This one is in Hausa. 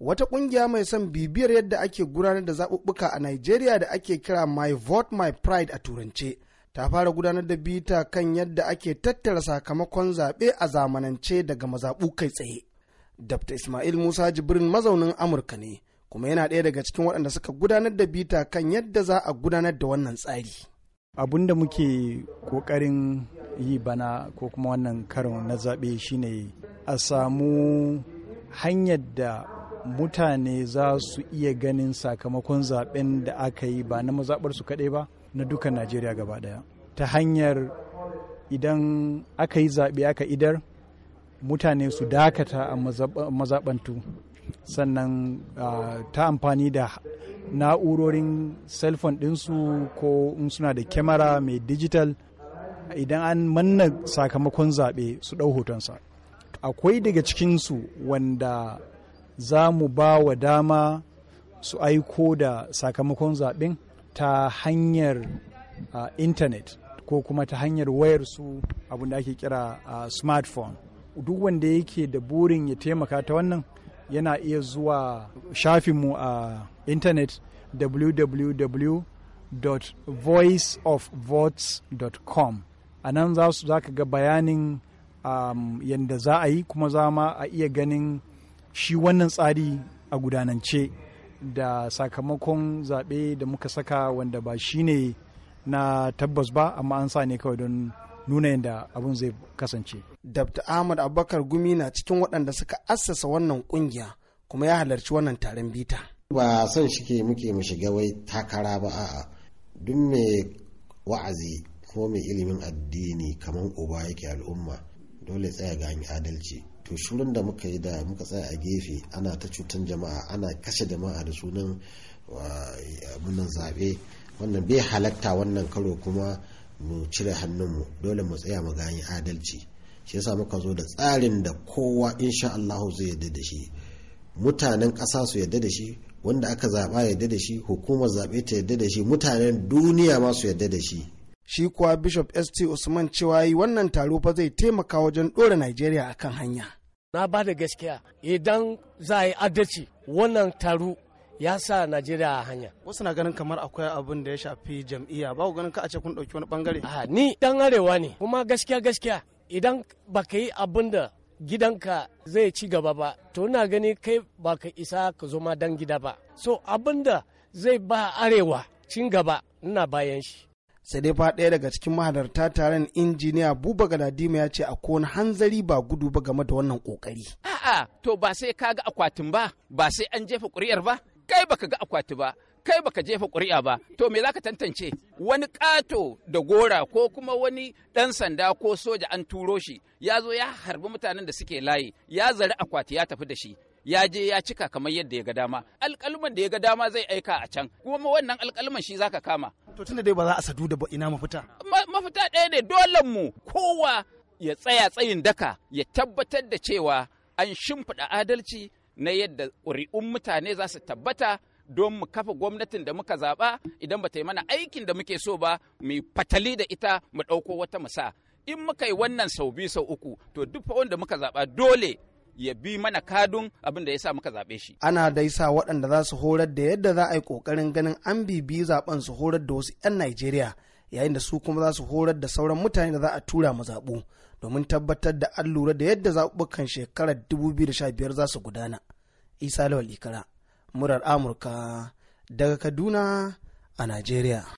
wata kungiya mai son bibiyar yadda ake gudanar da zaɓuɓɓuka a Najeriya da ake kira My Vote My Pride a turance. Ta fara gudanar da bita kan yadda ake tattara sakamakon zaɓe a zamanance daga mazaɓu kai tsaye. Dr. Ismail Musa Jibrin mazaunin Amurka ne, kuma yana ɗaya daga cikin waɗanda suka gudanar da bita kan yadda za a gudanar da wannan tsari. Abun da muke kokarin yi bana ko kuma wannan karon na zaɓe shine a samu hanyar da mutane za su iya ganin sakamakon zaben da aka yi ba na mazaɓarsu kaɗai ba na dukan najeriya gaba daya ta hanyar idan aka yi zaɓe aka idar mutane su dakata a mazaɓantu sannan ta amfani da na'urorin cellphone ɗinsu ko in suna da kyamara mai digital idan an manna sakamakon zaɓe su ɗau hotonsa akwai daga cikinsu wanda za mu ba wa dama su aiko da sakamakon zaɓen ta hanyar intanet ko kuma ta hanyar wayar su abin da ake kira smartphone duk wanda yake da burin ya taimaka ta wannan yana iya zuwa shafinmu a intanet www.voiceofvotes.com a nan za su ka ga bayanin yadda za a yi kuma za ma a iya ganin shi wannan tsari a gudanance da sakamakon zaɓe da muka saka wanda ba shi ne na tabbas ba amma an sa ne kawai don nuna yadda abin zai kasance. Dr. Ahmad Abubakar Gumi na cikin waɗanda suka assasa wannan ƙungiya kuma ya halarci wannan taron bita. Ba son shi ke muke mu shiga wai takara ba a'a duk mai wa'azi ko mai ilimin addini kamar uba yake al'umma. dole tsaya ga an adalci to shirin da muka yi da muka tsaya a gefe ana ta cutar jama'a ana kashe jama'a da sunan munan zaɓe wannan bai halatta wannan karo kuma mu cire hannunmu dole mu tsaya mu gani adalci shi yasa muka zo da tsarin da kowa insha Allahu zai yadda da shi mutanen ƙasa su yadda da shi wanda aka zaɓa yadda da shi hukumar zaɓe ta yadda da shi mutanen duniya ma su yadda da shi shi kuwa bishop st usman cewa yi wannan taro fa zai taimaka wajen ɗora nigeria kan hanya na ba da gaskiya idan za a yi adalci wannan taro ya sa najeriya a hanya wasu na ganin kamar akwai abin da ya shafi jam'iyya ba ku ganin ka a ce kun ɗauki wani bangare ni dan arewa ne kuma gaskiya gaskiya idan ba ka yi abin da gidanka zai ci gaba ba to na gani kai ba ka isa ka zo dan gida ba so abin da zai ba arewa cin gaba ina bayan shi sai dai fa ɗaya daga cikin mahalarta taron injiniya buba galadima ya ce a kona hanzari ba gudu ba game da wannan kokari a'a to ba sai ka ga akwatin ba ba sai an jefa ƙuri'ar ba kai baka ga akwati ba kai baka jefa ƙuri'a ba to me zaka tantance wani ƙato da gora ko kuma wani ɗan sanda ko soja an turo shi ya zo ya harbi mutanen da suke layi ya zari akwati ya tafi da shi ya je ya cika kamar yadda ya ga dama alƙaluman da ya ga dama zai aika a can kuma wannan alƙaluman shi zaka kama To tunda dai ba za a sadu da ina mafita. Mafita ɗaya ne dole mu kowa ya tsaya tsayin daka ya tabbatar da cewa an shimfiɗa adalci na yadda ƙuri'un mutane za su tabbata don mu kafa gwamnatin da muka zaɓa idan ba ta yi mana aikin da muke so ba mu fatali da ita mu ɗauko wata musa in muka yi wannan sau biyu sau uku to duk wanda muka zaɓa dole ya bi mana kadun abin da ya sa muka zaɓe shi. Ana dai sa waɗanda za su horar da yadda za a yi ƙoƙarin ganin an bibi zaɓen su horar da wasu 'yan Najeriya yayin da su kuma za su horar da sauran mutane da za a tura mu zaɓu domin tabbatar da an lura da yadda zaɓukan shekarar 2015 za su gudana. Isa Lawal Ikara, murar Amurka daga Kaduna a Najeriya.